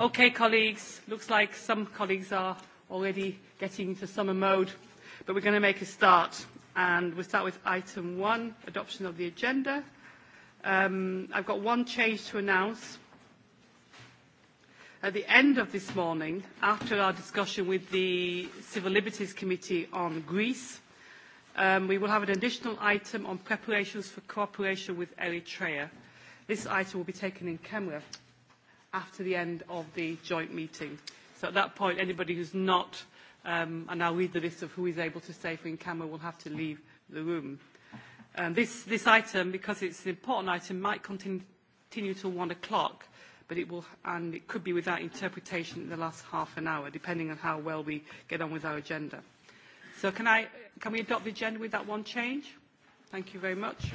Okay, colleagues, looks like some colleagues are already getting into summer mode, but we're going to make a start. And we'll start with item one, adoption of the agenda. Um, I've got one change to announce. At the end of this morning, after our discussion with the Civil Liberties Committee on Greece, um, we will have an additional item on preparations for cooperation with Eritrea. This item will be taken in camera after the end of the joint meeting. So at that point, anybody who's not, um, and I'll read the list of who is able to stay for in camera, will have to leave the room. Um, this, this item, because it's an important item, might continue, till one o'clock, but it will, and it could be without interpretation in the last half an hour, depending on how well we get on with our agenda. So can, I, can we adopt the agenda with that one change? Thank you very much.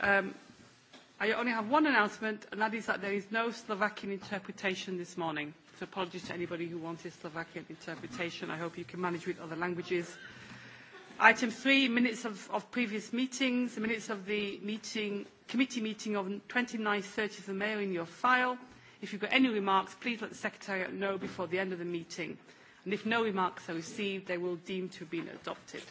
Um, i only have one announcement, and that is that there is no Slovakian interpretation this morning. So apologies to anybody who wants a Slovakian interpretation. I hope you can manage with other languages. Item three, minutes of, of previous meetings, the minutes of the meeting, committee meeting of 29th, 30th of May are in your file. If you've got any remarks, please let the Secretariat know before the end of the meeting. And if no remarks are received, they will deem to have been adopted.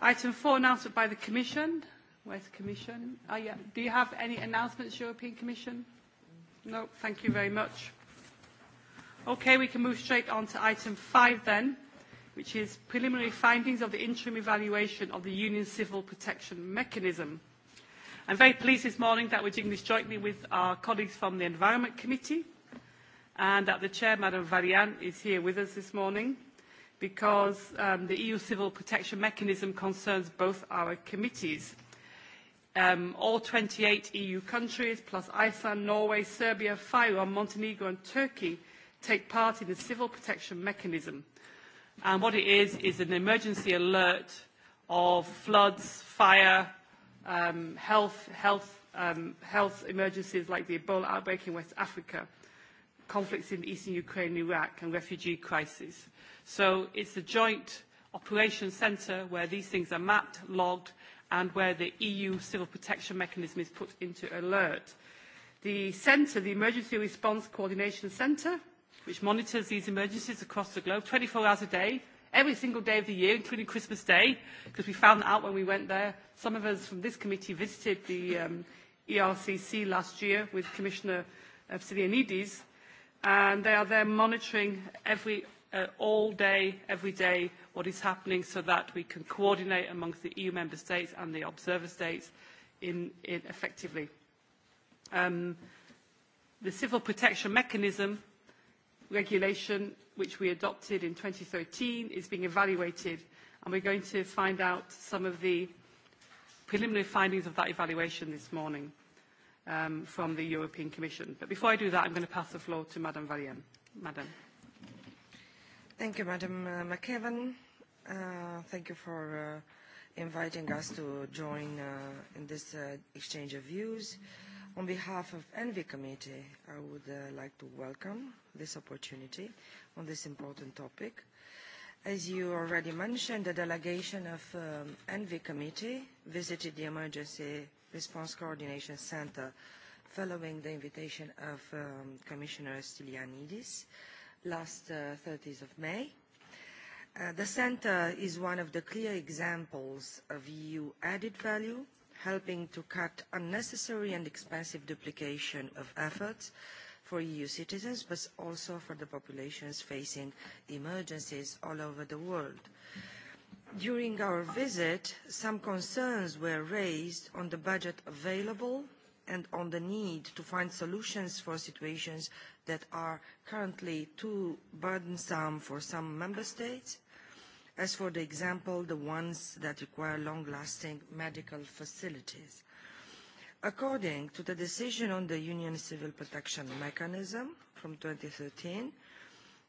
Item four, announcement by the Commission. Where's the Commission? Oh, yeah. Do you have any announcements, European Commission? No, thank you very much. Okay, we can move straight on to item five then, which is preliminary findings of the interim evaluation of the Union Civil Protection Mechanism. I'm very pleased this morning that we're doing this jointly with our colleagues from the Environment Committee and that the Chair, Madame Valiant, is here with us this morning because um, the EU Civil Protection Mechanism concerns both our committees. Um, all 28 EU countries, plus Iceland, Norway, Serbia, Fyrom, Montenegro and Turkey, take part in the civil protection mechanism. And what it is, is an emergency alert of floods, fire, um, health, health, um, health emergencies like the Ebola outbreak in West Africa, conflicts in eastern Ukraine and Iraq, and refugee crises. So it's a joint operation centre where these things are mapped, logged, and where the EU civil protection mechanism is put into alert. The centre, the Emergency Response Coordination Centre, which monitors these emergencies across the globe 24 hours a day, every single day of the year, including Christmas Day, because we found out when we went there. Some of us from this committee visited the um, ERCC last year with Commissioner Sidianides, and they are there monitoring every uh, all day, every day, what is happening so that we can coordinate amongst the EU member states and the observer states in, in effectively. Um, the civil protection mechanism regulation, which we adopted in 2013, is being evaluated, and we're going to find out some of the preliminary findings of that evaluation this morning um, from the European Commission. But before I do that, I'm going to pass the floor to Madame Valien. Madame. Thank you, Madam uh, Uh, thank you for uh, inviting us to join uh, in this uh, exchange of views. On behalf of ENVI Committee, I would uh, like to welcome this opportunity on this important topic. As you already mentioned, the delegation of um, ENVI Committee visited the Emergency Response Coordination Center following the invitation of um, Commissioner Stylianidis. Uh, last uh, 30th of May. Uh, the Centre is one of the clear examples of EU added value, helping to cut unnecessary and expensive duplication of efforts for EU citizens, but also for the populations facing emergencies all over the world. During our visit, some concerns were raised on the budget available and on the need to find solutions for situations that are currently too burdensome for some member states, as for the example, the ones that require long-lasting medical facilities. According to the decision on the Union Civil Protection Mechanism from thirteen,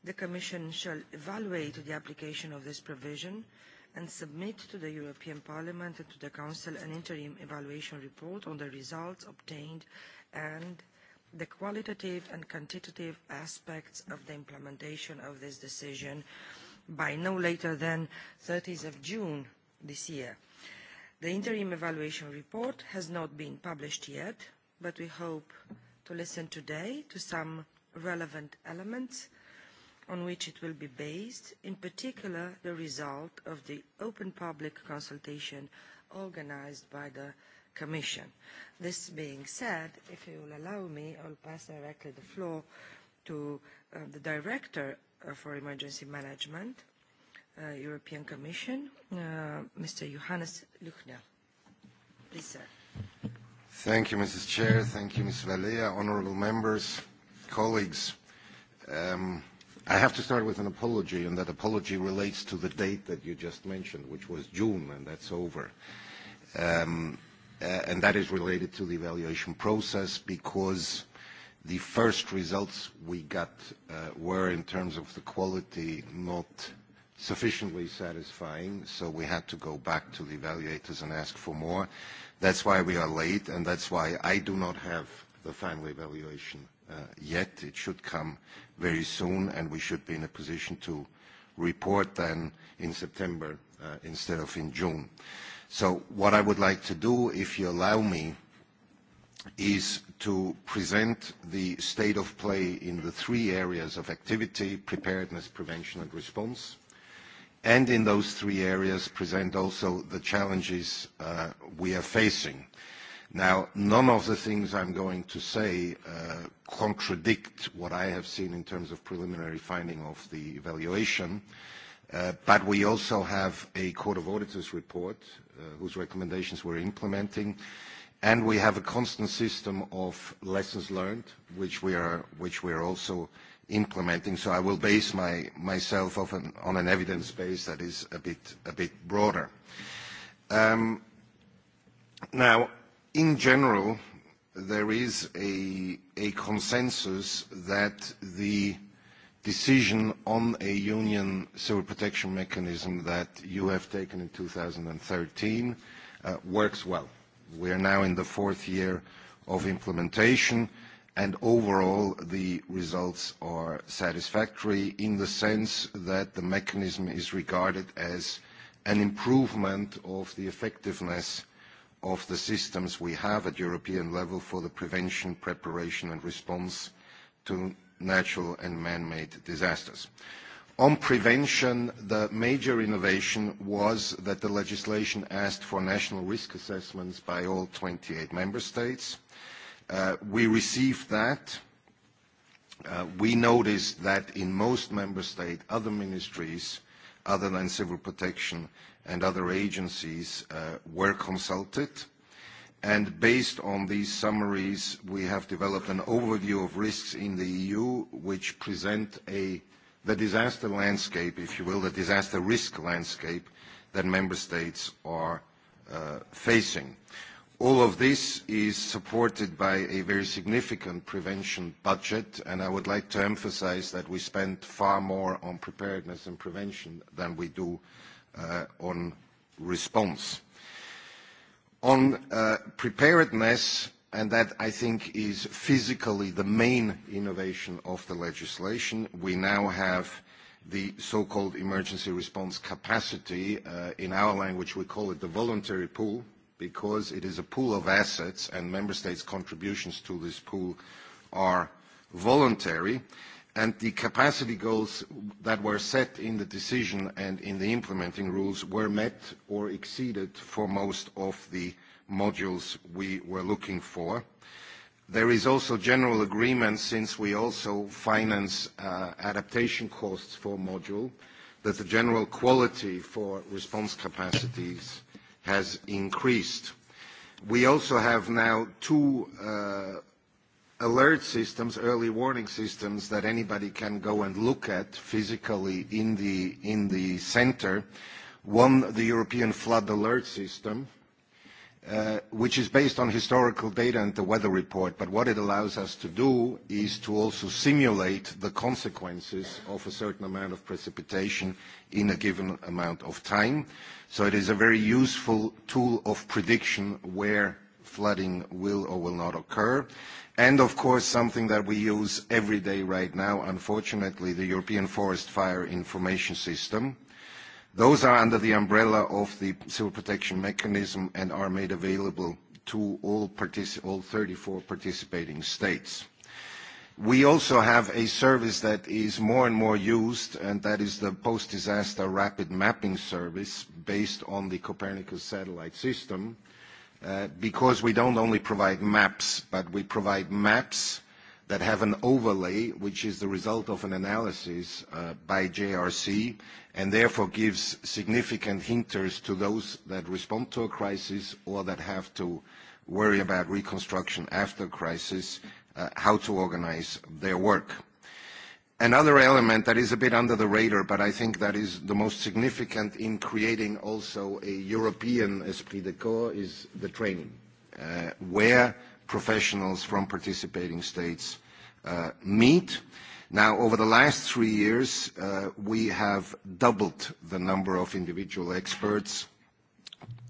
the Commission shall evaluate the application of this provision and submit to the European Parliament and to the Council an interim evaluation report on the results obtained and the qualitative and quantitative aspects of the implementation of this decision by no later than 30th of June this year. The interim evaluation report has not been published yet, but we hope to listen today to some relevant elements on which it will be based, in particular the result of the open public consultation organised by the Commission. This being said, if you will allow me, I will pass directly the floor to uh, the Director uh, for Emergency Management, uh, European Commission, uh, Mr. Johannes Luchner. Please, sir. Thank you, Mrs. Chair. Thank you, Ms. Valea, honorable members, colleagues. Um, i have to start with an apology, and that apology relates to the date that you just mentioned, which was June, and that's over. Um, uh, and that is related to the evaluation process because the first results we got uh, were, in terms of the quality, not sufficiently satisfying, so we had to go back to the evaluators and ask for more. That's why we are late, and that's why I do not have the final evaluation uh, yet. It should come very soon, and we should be in a position to report then in September uh, instead of in June. So what I would like to do, if you allow me, is to present the state of play in the three areas of activity, preparedness, prevention, and response, and in those three areas, present also the challenges uh, we are facing. Now, none of the things I'm going to say uh, contradict what I have seen in terms of preliminary finding of the evaluation, uh, but we also have a Court of Auditors report uh, whose recommendations we're implementing, and we have a constant system of lessons learned, which we are, which we are also implementing. So I will base my, myself often on an evidence base that is a bit, a bit broader. Um, now, in general, there is a, a consensus that the decision on a union civil protection mechanism that you have taken in 2013 uh, works well. We are now in the fourth year of implementation, and overall, the results are satisfactory in the sense that the mechanism is regarded as an improvement of the effectiveness of the systems we have at European level for the prevention, preparation and response to natural and man-made disasters. On prevention, the major innovation was that the legislation asked for national risk assessments by all 28 member states. Uh, we received that. Uh, we noticed that in most member states, other ministries, other than civil protection, and other agencies uh, were consulted. And based on these summaries, we have developed an overview of risks in the EU, which present a, the disaster landscape, if you will, the disaster risk landscape that member states are uh, facing. All of this is supported by a very significant prevention budget, and I would like to emphasize that we spend far more on preparedness and prevention than we do Uh, on response. On uh, preparedness, and that I think is physically the main innovation of the legislation, we now have the so-called emergency response capacity. Uh, in our language, we call it the voluntary pool because it is a pool of assets and member states' contributions to this pool are voluntary and the capacity goals that were set in the decision and in the implementing rules were met or exceeded for most of the modules we were looking for. There is also general agreement since we also finance uh, adaptation costs for module, that the general quality for response capacities has increased. We also have now two uh, alert systems, early warning systems that anybody can go and look at physically in the, in the center. One, the European Flood Alert System, uh, which is based on historical data and the weather report. But what it allows us to do is to also simulate the consequences of a certain amount of precipitation in a given amount of time. So it is a very useful tool of prediction where flooding will or will not occur. And of course, something that we use every day right now, unfortunately, the European Forest Fire Information System. Those are under the umbrella of the Civil Protection Mechanism and are made available to all, partici all 34 participating states. We also have a service that is more and more used, and that is the post-disaster rapid mapping service based on the Copernicus satellite system. Uh, because we don't only provide maps, but we provide maps that have an overlay, which is the result of an analysis uh, by JRC, and therefore gives significant hinters to those that respond to a crisis or that have to worry about reconstruction after crisis, uh, how to organize their work. Another element that is a bit under the radar, but I think that is the most significant in creating also a European esprit de corps is the training, uh, where professionals from participating states uh, meet. Now, over the last three years, uh, we have doubled the number of individual experts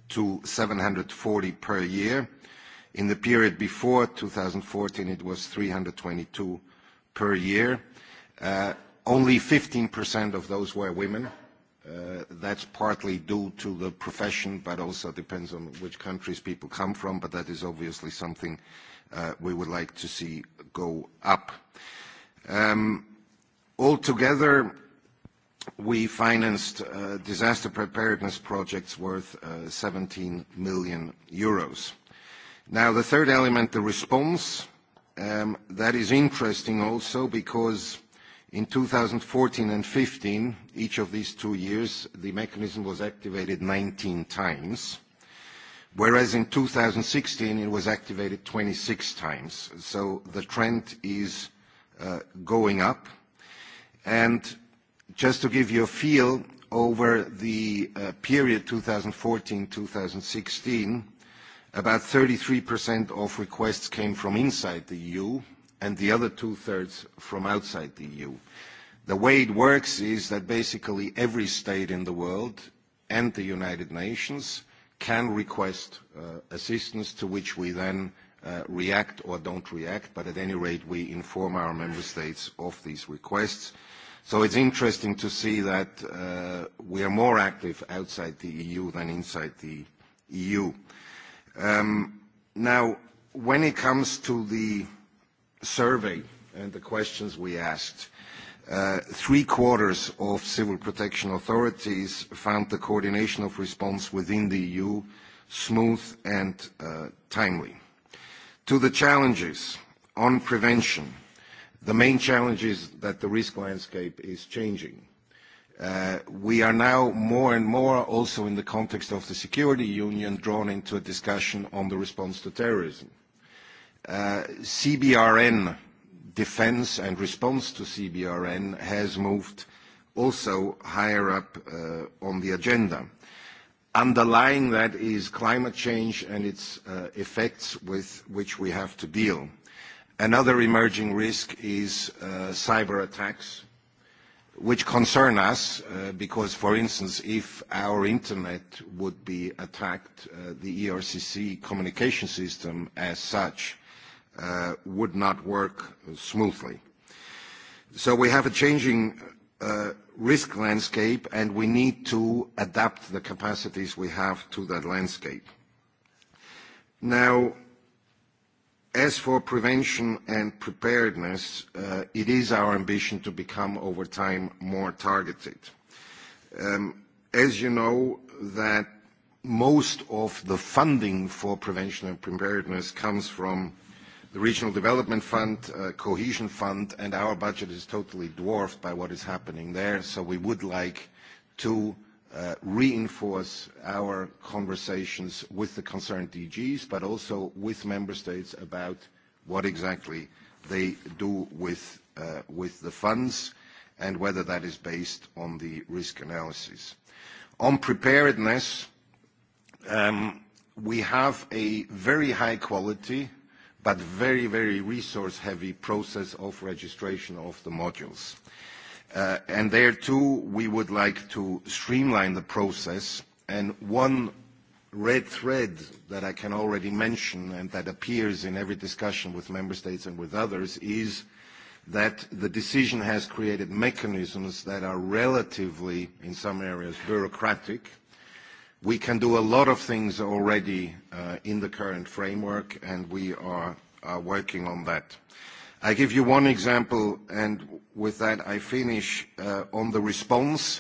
to 740 per year. In the period before 2014, it was 322 per year. Uh, only 15% of those were women. Uh, that's partly due to the profession, but also depends on which countries people come from, but that is obviously something uh, we would like to see go up. Um, altogether, we financed disaster preparedness projects worth uh, 17 million euros. Now, the third element, the response, um, that is interesting also because In 2014 and 2015, each of these two years, the mechanism was activated 19 times, whereas in 2016 it was activated 26 times. So the trend is uh, going up. And just to give you a feel, over the uh, period 2014-2016, about 33% of requests came from inside the EU, and the other two-thirds from outside the EU. The way it works is that basically every state in the world and the United Nations can request uh, assistance to which we then uh, react or don't react, but at any rate we inform our member states of these requests. So it's interesting to see that uh, we are more active outside the EU than inside the EU. Um, now, when it comes to the survey and the questions we asked, uh, three-quarters of civil protection authorities found the coordination of response within the EU smooth and uh, timely. To the challenges on prevention, the main challenge is that the risk landscape is changing. Uh, we are now more and more also in the context of the security union drawn into a discussion on the response to terrorism. Uh, CBRN defense and response to CBRN has moved also higher up uh, on the agenda. Underlying that is climate change and its uh, effects with which we have to deal. Another emerging risk is cyber attacks, which concern us because, for instance, if our internet would be attacked, the ERCC communication system as such Uh, would not work smoothly. So we have a changing uh, risk landscape, and we need to adapt the capacities we have to that landscape. Now, as for prevention and preparedness, uh, it is our ambition to become, over time, more targeted. Um, as you know, that most of the funding for prevention and preparedness comes from the Regional Development Fund, uh, Cohesion Fund, and our budget is totally dwarfed by what is happening there. So we would like to uh, reinforce our conversations with the concerned DGs, but also with member states about what exactly they do with, uh, with the funds and whether that is based on the risk analysis. On preparedness, um, we have a very high quality but very, very resource-heavy process of registration of the modules. Uh, and there too, we would like to streamline the process. And one red thread that I can already mention and that appears in every discussion with member states and with others is that the decision has created mechanisms that are relatively, in some areas, bureaucratic, We can do a lot of things already uh, in the current framework, and we are, working on that. I give you one example, and with that I finish uh, on the response.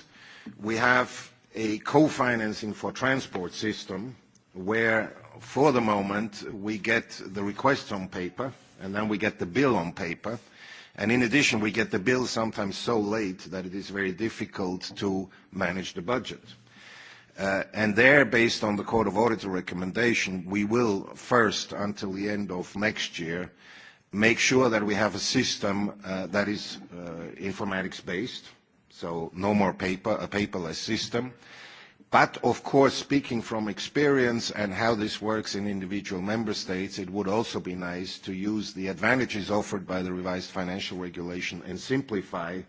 We have a co-financing for transport system where for the moment we get the request on paper and then we get the bill on paper. And in addition, we get the bill sometimes so late that it is very difficult to manage the budget. Uh, and there, based on the Court of Auditor recommendation, we will first, until the end of next year, make sure that we have a system uh, that is uh, informatics-based, so no more paper, a paperless system. But of course, speaking from experience and how this works in individual member states, it would also be nice to use the advantages offered by the revised financial regulation and simplify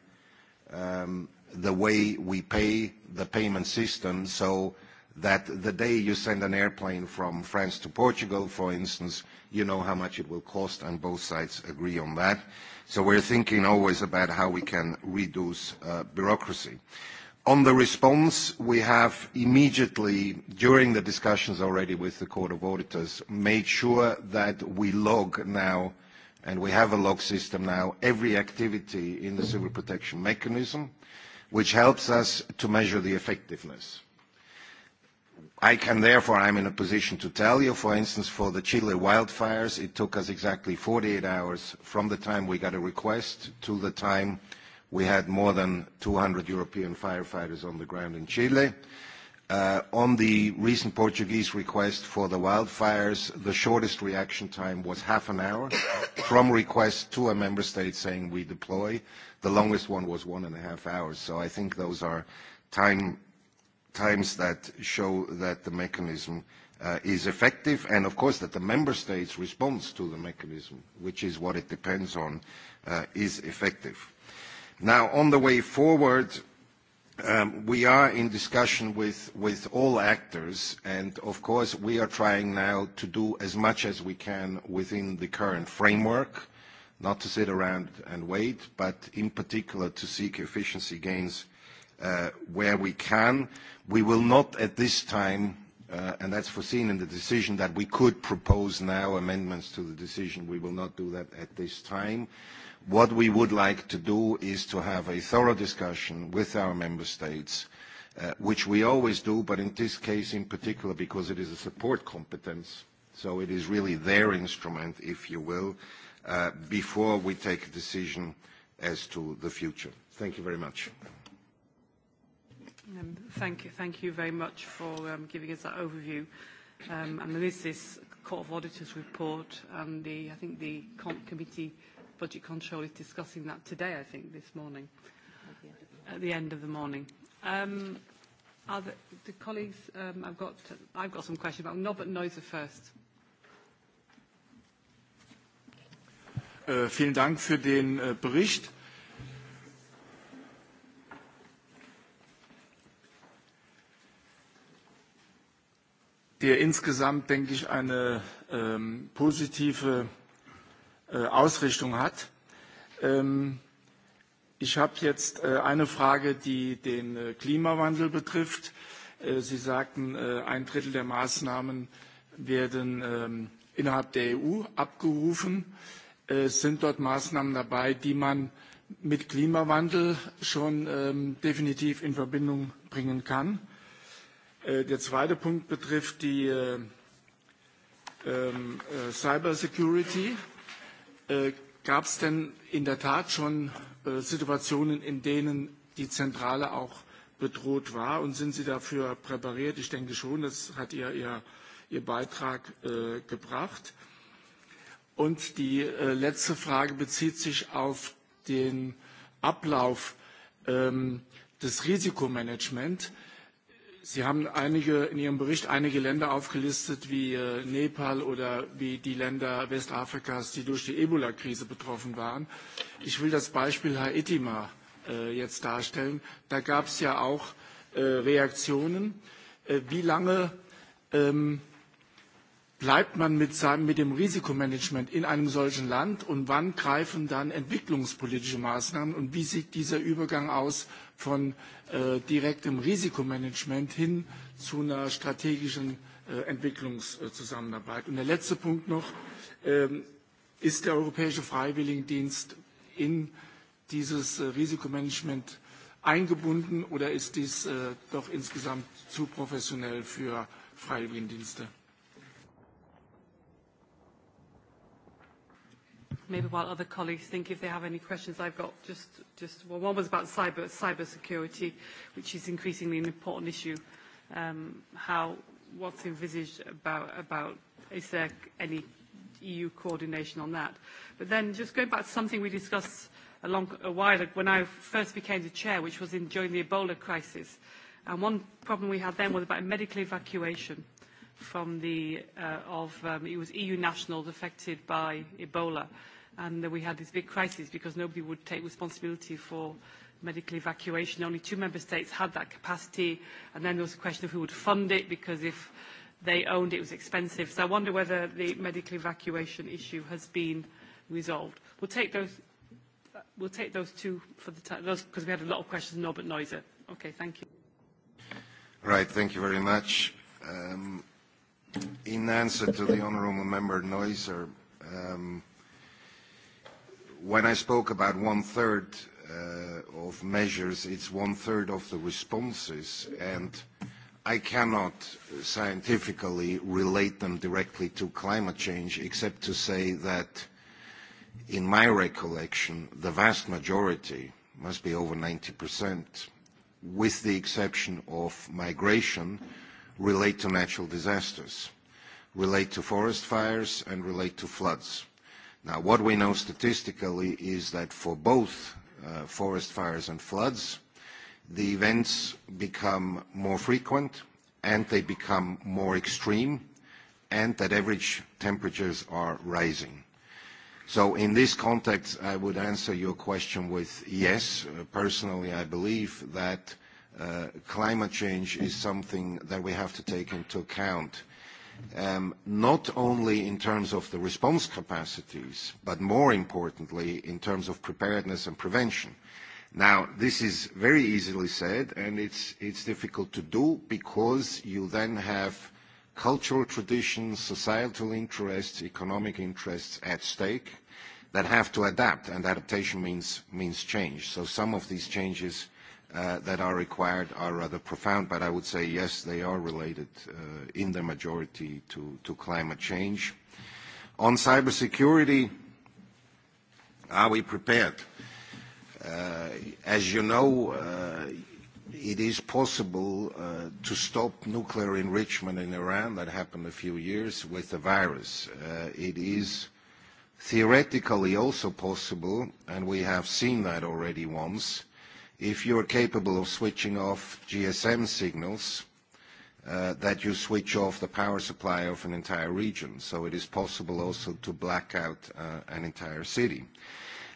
um, the way we pay the payment system so that the day you send an airplane from France to Portugal, for instance, you know how much it will cost, and both sides agree on that. So we're thinking always about how we can reduce uh, bureaucracy. On the response, we have immediately, during the discussions already with the Court of Auditors, made sure that we log now, and we have a log system now, every activity in the civil protection mechanism which helps us to measure the effectiveness. I can therefore, I'm in a position to tell you, for instance, for the Chile wildfires, it took us exactly 48 hours from the time we got a request to the time we had more than 200 European firefighters on the ground in Chile. Uh, on the recent Portuguese request for the wildfires, the shortest reaction time was half an hour from request to a member state saying we deploy. The longest one was one and a half hours. So I think those are time, times that show that the mechanism uh, is effective and, of course, that the member states' response to the mechanism, which is what it depends on, uh, is effective. Now, on the way forward, Um, we are in discussion with, all actors, and of course, we are trying now to do as much as we can within the current framework, not to sit around and wait, but in particular, to seek efficiency gains uh, where we can. We will not at this time, uh, and that's foreseen in the decision, that we could propose now amendments to the decision. We will not do that at this time. What we would like to do is to have a thorough discussion with our member states, uh, which we always do, but in this case in particular because it is a support competence, so it is really their instrument, if you will, uh, before we take a decision as to the future. Thank you very much. Um, thank you. Thank you very much for um, giving us that overview. Um, and there is this Court of Auditors report and the, I think the Comp Committee Budget Control is discussing that today, I think, this morning, at the end of the morning. Um, are the, the colleagues, um, I've, got, I've got some questions, but Norbert Neuser first. Äh, vielen Dank für den äh, Bericht. der insgesamt, denke ich, eine ähm, positive äh, Ausrichtung hat. Ähm, ich habe jetzt äh, eine Frage, die den äh, Klimawandel betrifft. Äh, Sie sagten, äh, ein Drittel der Maßnahmen werden ähm, innerhalb der EU abgerufen. Es äh, sind dort Maßnahmen dabei, die man mit Klimawandel schon ähm, definitiv in Verbindung bringen kann? Äh, der zweite Punkt betrifft die äh, ähm, äh, Cyber Security. Gab es denn in der Tat schon Situationen, in denen die Zentrale auch bedroht war? Und sind Sie dafür präpariert? Ich denke schon, das hat Ihr, Ihr, Ihr Beitrag gebracht. Und die letzte Frage bezieht sich auf den Ablauf ähm, des Risikomanagements. Sie haben einige, in Ihrem Bericht einige Länder aufgelistet wie äh, Nepal oder wie die Länder Westafrikas, die durch die Ebola-Krise betroffen waren. Ich will das Beispiel Haiti mal äh, jetzt darstellen. Da gab es ja auch äh, Reaktionen. Wie lange ähm, bleibt man mit, seinem, mit dem Risikomanagement in einem solchen Land und wann greifen dann entwicklungspolitische Maßnahmen und wie sieht dieser Übergang aus von äh, direktem Risikomanagement hin zu einer strategischen äh, Entwicklungszusammenarbeit. Und der letzte Punkt noch, ähm, ist der Europäische Freiwilligendienst in dieses äh, Risikomanagement eingebunden oder ist dies äh, doch insgesamt zu professionell für Freiwilligendienste? maybe while other colleagues think if they have any questions. I've got just, just well, one was about cyber, cyber security, which is increasingly an important issue. Um, how, what's envisaged about, about, is there any EU coordination on that? But then just going back to something we discussed a, long, a while ago when I first became the chair, which was in, during the Ebola crisis. And one problem we had then was about medical evacuation from the, uh, of, um, it was EU nationals affected by Ebola and we had this big crisis because nobody would take responsibility for medical evacuation. Only two member states had that capacity, and then there was a question of who would fund it because if they owned it, it was expensive. So I wonder whether the medical evacuation issue has been resolved. We'll take those, we'll take those two for the time, because we had a lot of questions, Norbert Neuser. Okay, thank you. Right, thank you very much. Um, in answer to the honourable member Neuser, um, When I spoke about one-third uh, of measures, it's one-third of the responses, and I cannot scientifically relate them directly to climate change, except to say that in my recollection, the vast majority, must be over 90%, with the exception of migration, relate to natural disasters, relate to forest fires, and relate to floods. Now, what we know statistically is that for both uh, forest fires and floods, the events become more frequent and they become more extreme and that average temperatures are rising. So in this context, I would answer your question with yes. Uh, personally, I believe that uh, climate change is something that we have to take into account Um, not only in terms of the response capacities, but more importantly, in terms of preparedness and prevention. Now, this is very easily said, and it's, it's difficult to do because you then have cultural traditions, societal interests, economic interests at stake that have to adapt, and adaptation means, means change. So some of these changes Uh, that are required are rather profound, but I would say yes, they are related uh, in the majority to, climate change. On cybersecurity, are we prepared? Uh, as you know, it is possible to stop nuclear enrichment in Iran that happened a few years with the virus. it is theoretically also possible, and we have seen that already once, if you are capable of switching off GSM signals, uh, that you switch off the power supply of an entire region. So it is possible also to black out uh, an entire city.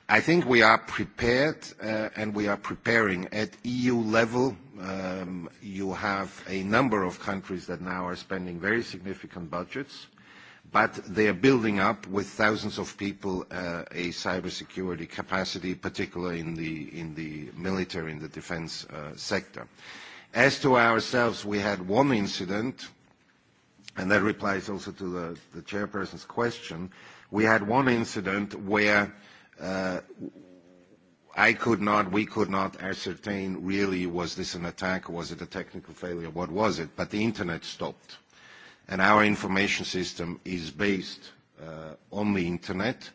I think we are prepared, uh, and we are preparing. At EU level, um, you have a number of countries that now are spending very significant budgets but they are building up with thousands of people uh, a cybersecurity capacity, particularly in the, in the military, in the defense uh, sector. As to ourselves, we had one incident, and that replies also to the, the chairperson's question. We had one incident where uh, I could not, we could not ascertain really was this an attack, was it a technical failure, what was it? But the internet stopped and our information system is based uh, on the internet.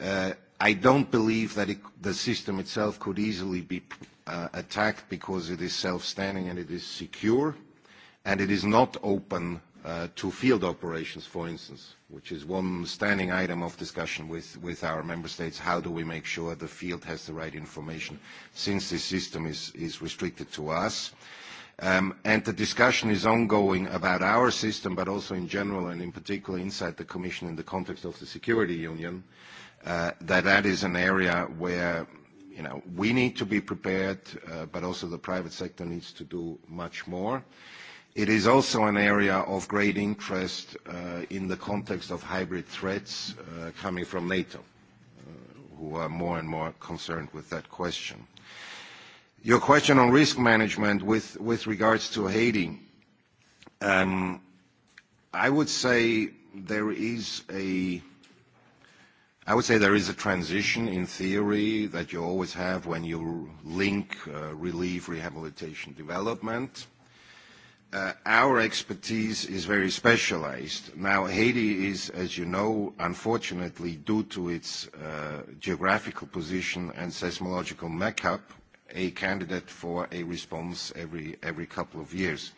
Uh, I don't believe that it, the system itself could easily be uh, attacked because it is self-standing and it is secure, and it is not open uh, to field operations, for instance, which is one standing item of discussion with, with our member states. How do we make sure the field has the right information since this system is, is restricted to us? Um, and the discussion is ongoing about our system, but also in general and in particular inside the Commission in the context of the Security Union, uh, that that is an area where you know, we need to be prepared, uh, but also the private sector needs to do much more. It is also an area of great interest uh, in the context of hybrid threats uh, coming from NATO, uh, who are more and more concerned with that question. Your question on risk management with, with regards to Haiti, um, I would say there is a I would say there is a transition in theory that you always have when you link uh, relief, rehabilitation, development. Uh, our expertise is very specialized. Now, Haiti is, as you know, unfortunately, due to its uh, geographical position and seismological makeup, a candidate for a response every, every couple of years.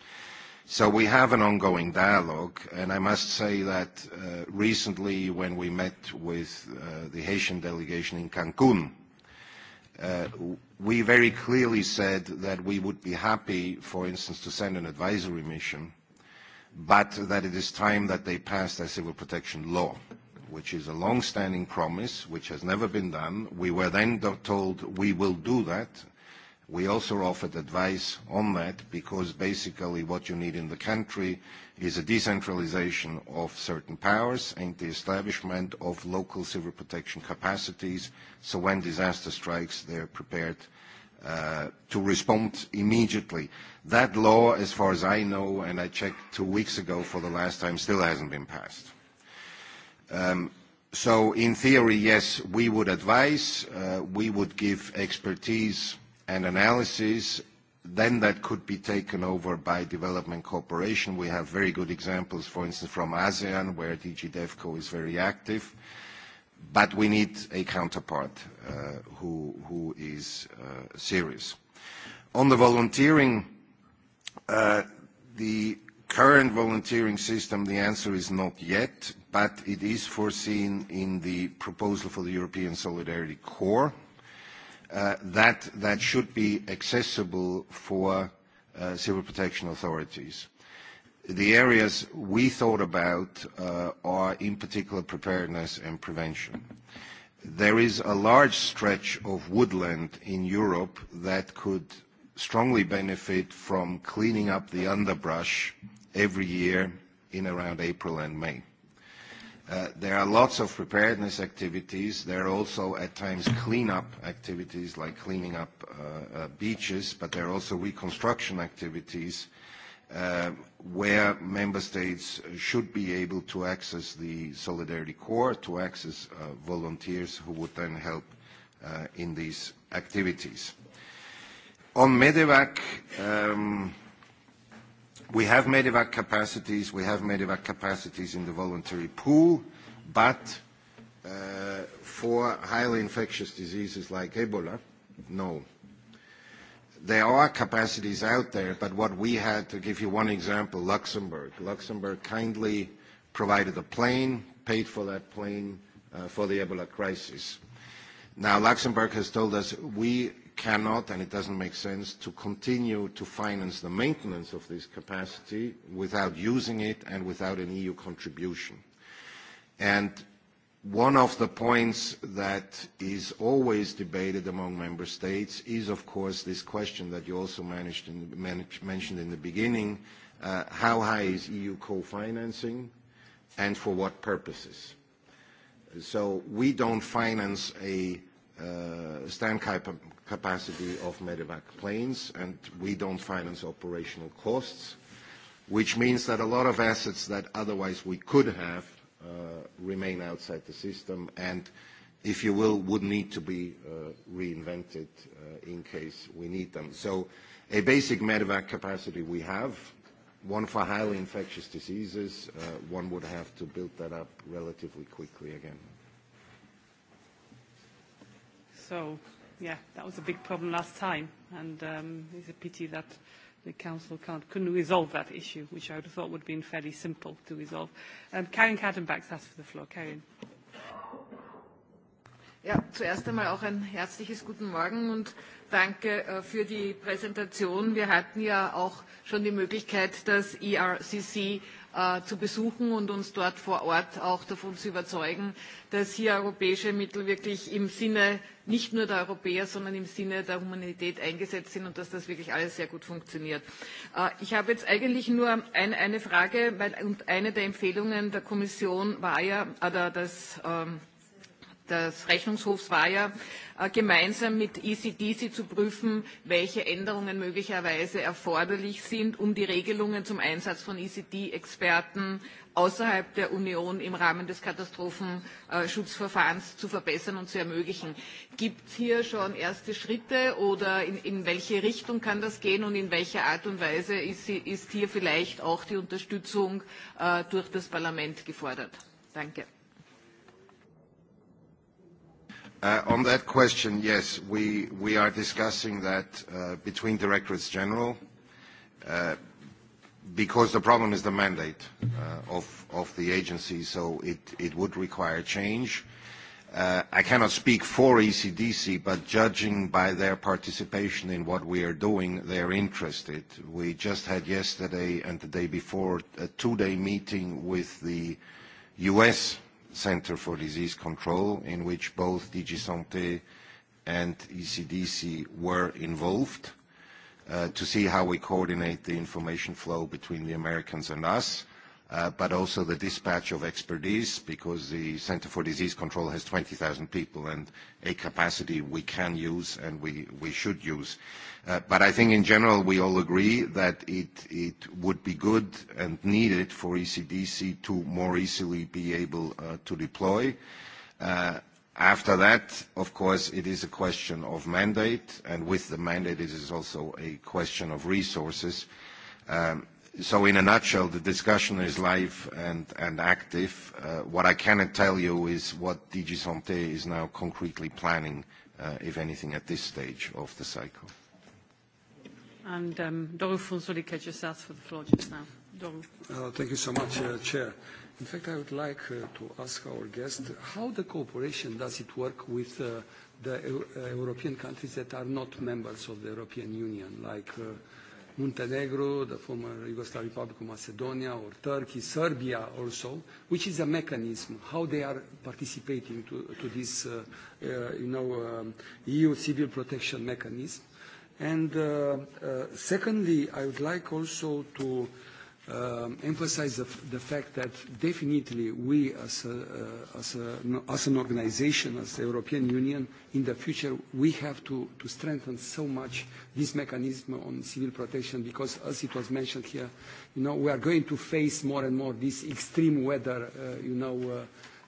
So we have an ongoing dialogue, and I must say that uh, recently when we met with uh, the Haitian delegation in Cancun, uh, we very clearly said that we would be happy, for instance, to send an advisory mission, but that it is time that they passed a civil protection law which is a long-standing promise, which has never been done. We were then told we will do that, We also offered advice on that because basically what you need in the country is a decentralization of certain powers and the establishment of local civil protection capacities so when disaster strikes they're prepared uh, to respond immediately. That law, as far as I know, and I checked two weeks ago for the last time, still hasn't been passed. Um, so in theory, yes, we would advise, uh, we would give expertise and analysis, then that could be taken over by development cooperation. We have very good examples, for instance, from ASEAN, where DG DevCo is very active. But we need a counterpart uh, who, who is uh, serious. On the volunteering, uh, the current volunteering system, the answer is not yet, but it is foreseen in the proposal for the European Solidarity Corps, uh, that, that should be accessible for uh, civil protection authorities. The areas we thought about uh, are in particular preparedness and prevention. There is a large stretch of woodland in Europe that could strongly benefit from cleaning up the underbrush every year in around April and May. Uh, there are lots of preparedness activities. There are also at times cleanup activities like cleaning up uh, uh, beaches, but there are also reconstruction activities where member states should be able to access the Solidarity Corps, to access volunteers who would then help in these activities. On MEDEVAC, um, We have medevac capacities. We have medevac capacities in the voluntary pool, but uh, for highly infectious diseases like Ebola, no. There are capacities out there, but what we had, to give you one example, Luxembourg. Luxembourg kindly provided a plane, paid for that plane uh, for the Ebola crisis. Now, Luxembourg has told us, "We cannot, and it doesn't make sense, to continue to finance the maintenance of this capacity without using it and without an EU contribution. And One of the points that is always debated among member states is, of course, this question that you also managed in, mentioned in the beginning, uh, how high is EU co-financing and for what purposes? So we don't finance a uh, capacity of medevac planes, and we don't finance operational costs, which means that a lot of assets that otherwise we could have uh, remain outside the system and, if you will, would need to be uh, reinvented uh, in case we need them. So a basic medevac capacity we have, one for highly infectious diseases, one would have to build that up relatively quickly again. So yeah, that was a big problem last time, and um, it's a pity that the council can't, couldn't resolve that issue, which I would have thought would have been fairly simple to resolve. Um, Karin Kadenbach's has for the floor. Karin. Ja, zuerst einmal auch ein herzliches Guten Morgen und danke äh, für die Präsentation. Wir hatten ja auch schon die Möglichkeit, das ERCC Äh, zu besuchen und uns dort vor Ort auch davon zu überzeugen, dass hier europäische Mittel wirklich im Sinne nicht nur der Europäer, sondern im Sinne der Humanität eingesetzt sind und dass das wirklich alles sehr gut funktioniert. Äh, ich habe jetzt eigentlich nur ein, eine Frage, weil und eine der Empfehlungen der Kommission war ja, oder äh, das ähm, des Rechnungshofs war ja, äh, gemeinsam mit ECDC zu prüfen, welche Änderungen möglicherweise erforderlich sind, um die Regelungen zum Einsatz von ECD-Experten außerhalb der Union im Rahmen des Katastrophenschutzverfahrens zu verbessern und zu ermöglichen. Gibt es hier schon erste Schritte oder in, in, welche Richtung kann das gehen und in welcher Art und Weise ist, ist hier vielleicht auch die Unterstützung äh, durch das Parlament gefordert? Danke. Uh, on that question, yes, we, we are discussing that uh, between directorates general, uh, because the problem is the mandate of, of the agency, so it, it would require change. I cannot speak for ECDC, but judging by their participation in what we are doing, they are interested. We just had yesterday and the day before a two-day meeting with the U.S. Center for Disease Control, in which both DG Santé and ECDC were involved uh, to see how we coordinate the information flow between the Americans and us, uh, but also the dispatch of expertise, because the Center for Disease Control has 20,000 people and a capacity we can use and we, we should use. Uh, but I think in general, we all agree that it, it would be good and needed for ECDC to more easily be able uh, to deploy. Uh, after that, of course, it is a question of mandate, and with the mandate, it is also a question of resources. Um, so in a nutshell, the discussion is live and, and active. Uh, what I cannot tell you is what DG Santé is now concretely planning, uh, if anything, at this stage of the cycle. And um, Doru Funsulike just asked for the floor just now. Doru. Uh, thank you so much, uh, Chair. In fact, I would like uh, to ask our guest how the cooperation does it work with uh, the uh, European countries that are not members of the European Union, like uh, Montenegro, the former Yugoslav Republic of Macedonia, or Turkey, Serbia also, which is a mechanism, how they are participating to, to this, uh, uh, you know, um, EU civil protection mechanism And uh, uh, secondly, I would like also to uh, emphasize the, the fact that definitely we as, a, uh, as, a, as an organization, as the European Union, in the future, we have to, to strengthen so much this mechanism on civil protection because, as it was mentioned here, you know, we are going to face more and more this extreme weather, you know, uh,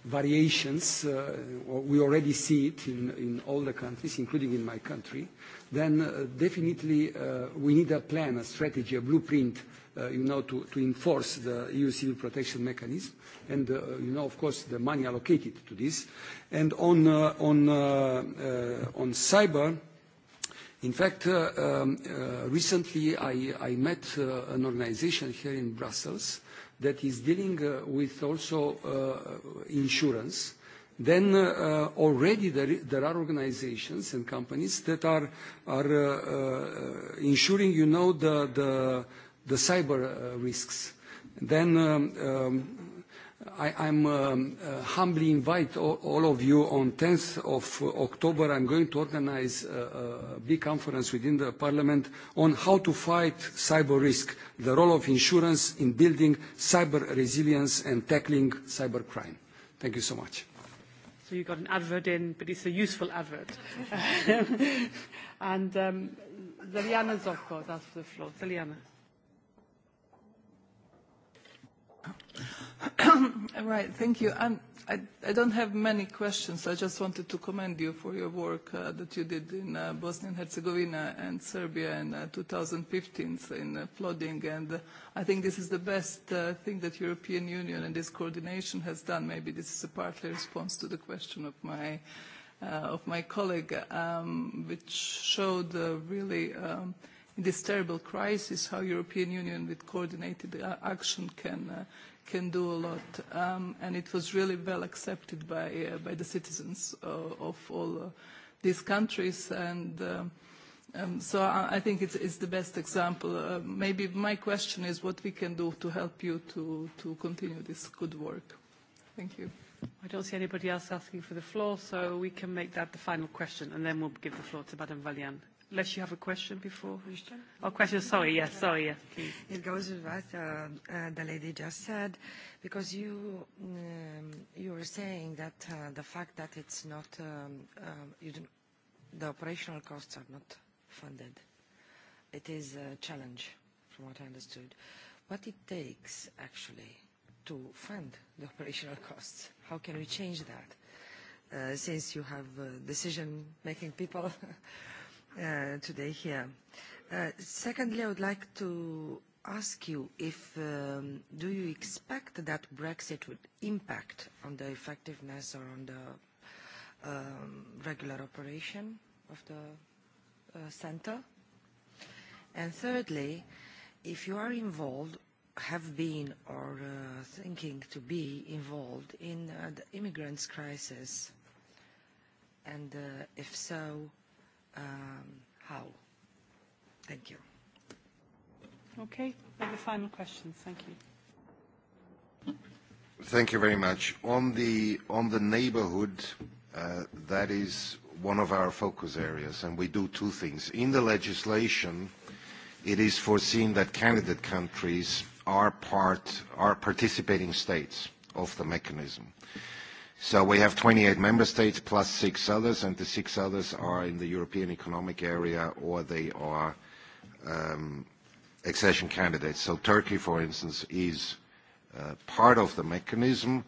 variations, uh, we already see it in, in all the countries, including in my country, then uh, definitely uh, we need a plan, a strategy, a blueprint, uh, you know, to, to enforce the EU civil protection mechanism. And, uh, you know, of course, the money allocated to this. And on, uh, on, on cyber, In fact, um, recently I, I met an organization here in Brussels that is dealing uh, with also uh, insurance, then uh, already there, there are organizations and companies that are, are uh, uh, ensuring, you know, the, the, the cyber uh, risks. Then um, um, i, I'm um, uh, humbly invite all, all of you on 10th of uh, October. I'm going to organize a, a big conference within the Parliament on how to fight cyber risk, the role of insurance in building cyber resilience and tackling cyber crime. Thank you so much. So you got an advert in, but it's a useful advert. and um, Zeliana Zovko, that's the floor. Zeliana. Uh, right, thank you. I'm, I, I don't have many questions. I just wanted to commend you for your work uh, that you did in uh, Bosnia and Herzegovina and Serbia in uh, 2015 in uh, flooding. And uh, I think this is the best uh, thing that European Union and this coordination has done. Maybe this is a partly response to the question of my, uh, of my colleague, um, which showed uh, really um, in this terrible crisis how European Union with coordinated uh, action can uh, can do a lot. Um, and it was really well accepted by, uh, by the citizens uh, of all uh, these countries. And um, um, so I, I think it's, it's the best example. Uh, maybe my question is what we can do to help you to, to continue this good work. Thank you. I don't see anybody else asking for the floor, so we can make that the final question, and then we'll give the floor to Madame Valian. Unless you have a question before. Question? Oh, question. Sorry. Yes. Sorry. Yes, please. It goes with what uh, uh, the lady just said, because you um, you were saying that uh, the fact that it's not um, um, you don't, the operational costs are not funded. It is a challenge, from what I understood. What it takes actually to fund the operational costs? How can we change that? Uh, since you have uh, decision-making people uh, today here. Uh, secondly, I would like to ask you if um, do you expect that Brexit would impact on the effectiveness or on the um, regular operation of the uh, center? And thirdly, if you are involved, have been or uh, thinking to be involved in the immigrants crisis, and if so, um, how. Thank you. Okay, and the final questions. Thank you. Thank you very much. On the, on the neighborhood, uh, that is one of our focus areas, and we do two things. In the legislation, it is foreseen that candidate countries are part, are participating states of the mechanism. Uh, so we have 28 member states plus six others, and the six others are in the European Economic Area or they are um, accession candidates. So Turkey, for instance, is uh, part of the mechanism,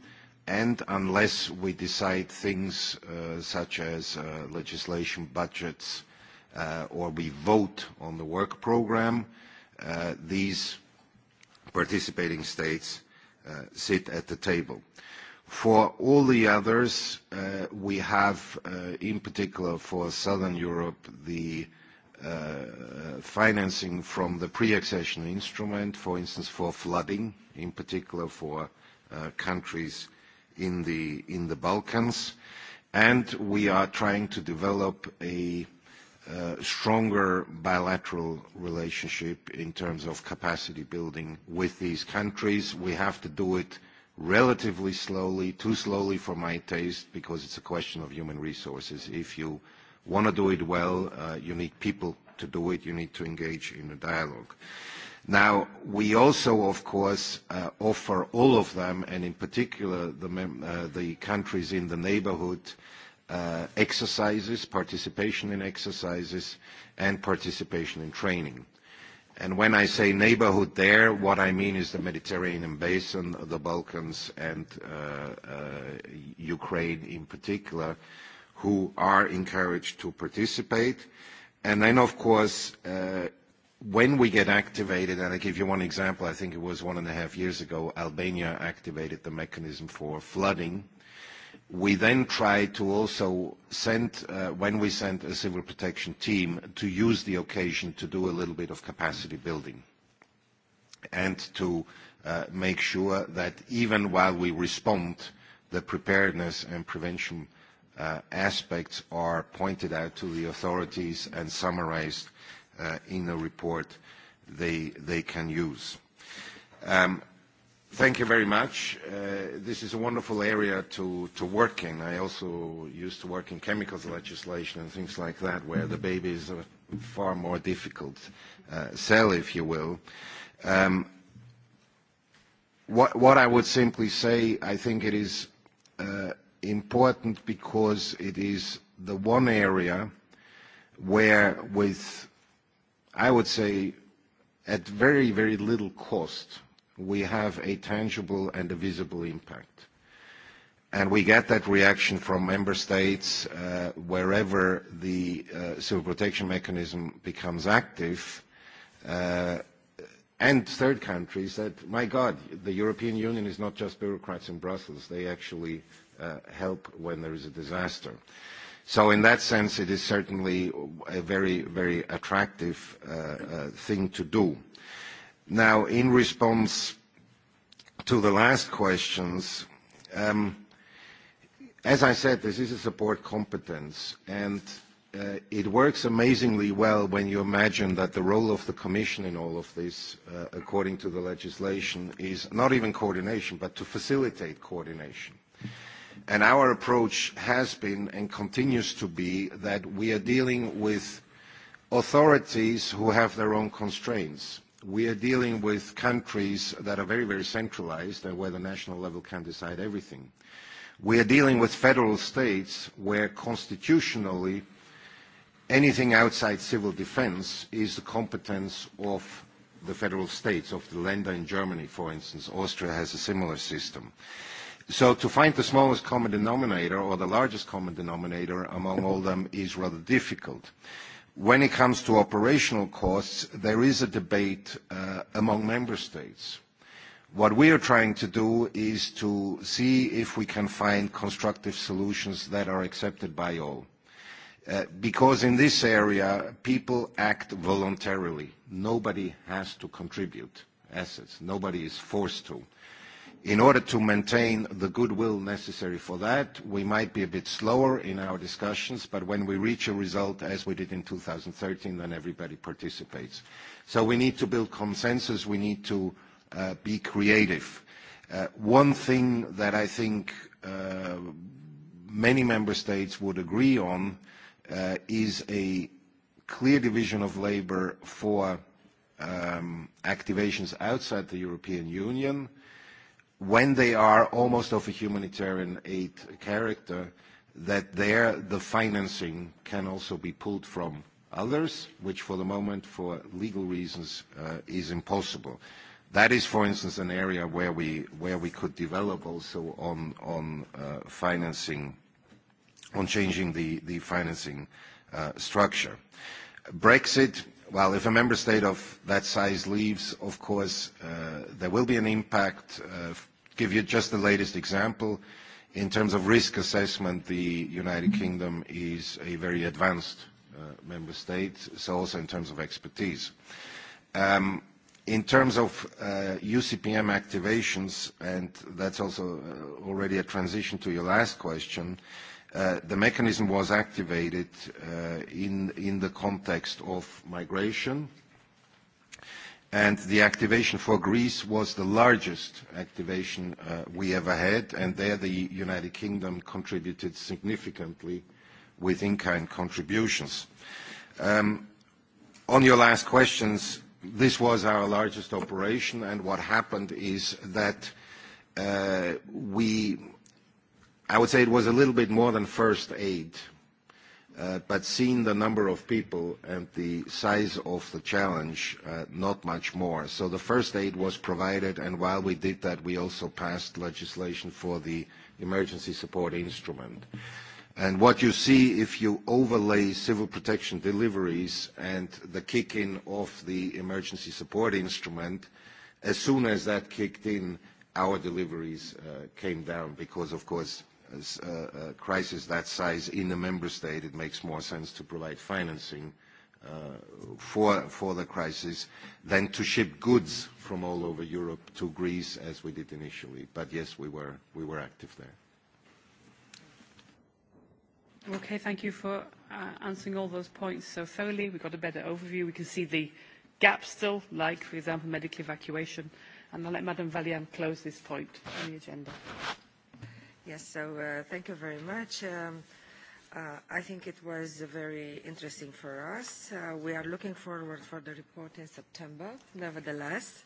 and unless we decide things uh, such as uh, legislation, budgets, uh, or we vote on the work program, uh, these participating states uh, sit at the table. For all the others, uh, we have, uh, in particular for Southern Europe, the uh, financing from the pre-accession instrument, for instance, for flooding, in particular for countries in the, in the Balkans. And we are trying to develop a stronger bilateral relationship in terms of capacity building with these countries. We have to do it relatively slowly, too slowly for my taste, because it's a question of human resources. If you want to do it well, uh, you need people to do it. You need to engage in a dialogue. Now, we also, of course, uh, offer all of them, and in particular the, mem uh, the countries in the neighborhood, uh, exercises, participation in exercises, and participation in training. And when I say neighborhood there, what I mean is the Mediterranean basin, the Balkans, and uh, uh, Ukraine in particular, who are encouraged to participate. And then, of course, uh, when we get activated, and I give you one example, I think it was one and a half years ago, Albania activated the mechanism for flooding. Uh, We then try to also send, uh, when we send a civil protection team, to use the occasion to do a little bit of capacity building and to uh, make sure that even while we respond, the preparedness and prevention uh, aspects are pointed out to the authorities and summarized uh, in a report they, they can use. Um, Thank you very much. Uh, this is a wonderful area to, to work in. I also used to work in chemicals legislation and things like that, where the mm-hmm. baby is a far more difficult uh, sell, if you will. Um, what, what I would simply say, I think it is uh, important because it is the one area where with, I would say, at very, very little cost, we have a tangible and a visible impact. And we get that reaction from member states uh, wherever the uh, civil protection mechanism becomes active, uh, and third countries that, my God, the European Union is not just bureaucrats in Brussels. They actually uh, help when there is a disaster. So in that sense, it is certainly a very, very attractive uh, uh, thing to do. Now, in response to the last questions, um, as I said, this is a support competence, and uh, it works amazingly well when you imagine that the role of the Commission in all of this, uh, according to the legislation, is not even coordination, but to facilitate coordination. And Our approach has been and continues to be that we are dealing with authorities who have their own constraints we are dealing with countries that are very, very centralized and where the national level can decide everything. We are dealing with federal states where constitutionally anything outside civil defense is the competence of the federal states, of the lender in Germany, for instance. Austria has a similar system. So to find the smallest common denominator or the largest common denominator among all them is rather difficult. When it comes to operational costs, there is a debate uh, among member states. What we are trying to do is to see if we can find constructive solutions that are accepted by all. Uh, because in this area, people act voluntarily. Nobody has to contribute assets. Nobody is forced to in order to maintain the goodwill necessary for that, we might be a bit slower in our discussions, but when we reach a result, as we did in 2013, then everybody participates. So we need to build consensus. We need to uh, be creative. Uh, one thing that I think uh, many member states would agree on is a clear division of labor for um, activations outside the European Union, when they are almost of a humanitarian aid character, that there the financing can also be pulled from others, which for the moment, for legal reasons, uh, is impossible. That is, for instance, an area where we, where we could develop also on, on uh, financing, on changing the, the financing uh, structure. Brexit, well, if a member state of that size leaves, of course, uh, there will be an impact uh, give you just the latest example. In terms of risk assessment, the United mm-hmm. Kingdom is a very advanced uh, member state, so also in terms of expertise. Um, in terms of uh, UCPM activations, and that's also uh, already a transition to your last question, uh, the mechanism was activated uh, in, in the context of migration, and the activation for Greece was the largest activation uh, we ever had, and there the United Kingdom contributed significantly with in-kind contributions. Um, on your last questions, this was our largest operation, and what happened is that uh, we, I would say it was a little bit more than first aid. Uh, but seeing the number of people and the size of the challenge, uh, not much more. So the first aid was provided, and while we did that, we also passed legislation for the emergency support instrument. And what you see if you overlay civil protection deliveries and the kick-in of the emergency support instrument, as soon as that kicked in, our deliveries uh, came down because, of course, a uh, uh, crisis that size in a member state, it makes more sense to provide financing uh, for, for the crisis than to ship goods from all over Europe to Greece as we did initially. But yes, we were, we were active there. Okay, thank you for uh, answering all those points so thoroughly. We got a better overview. We can see the gaps still, like, for example, medical evacuation. And I'll let Madame Valian close this point on the agenda. Yes, so uh, thank you very much. Um, uh, I think it was very interesting for us. Uh, we are looking forward for the report in September. Nevertheless,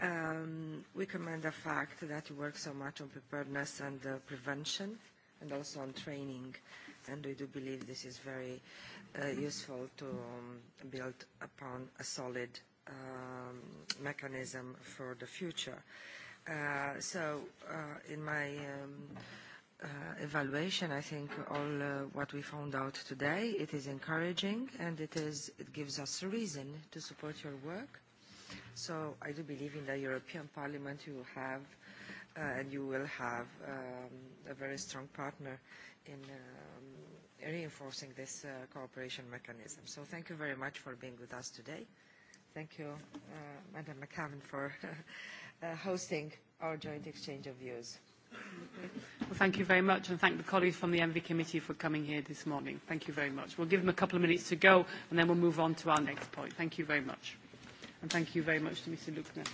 um, we commend the fact that you work so much on preparedness and uh, prevention and also on training. And we do believe this is very uh, useful to um, build upon a solid um, mechanism for the future. Uh, so uh, in my um, uh, evaluation, I think all uh, what we found out today, it is encouraging and it, is, it gives us a reason to support your work. So I do believe in the European Parliament you have uh, and you will have um, a very strong partner in um, reinforcing this uh, cooperation mechanism. So thank you very much for being with us today. Thank you, uh, Madam McCavan, for uh, hosting our joint exchange of views. Well, thank you very much, and thank the colleagues from the Envy Committee for coming here this morning. Thank you very much. We'll give them a couple of minutes to go, and then we'll move on to our next point. Thank you very much. And thank you very much to Mr. Luckner.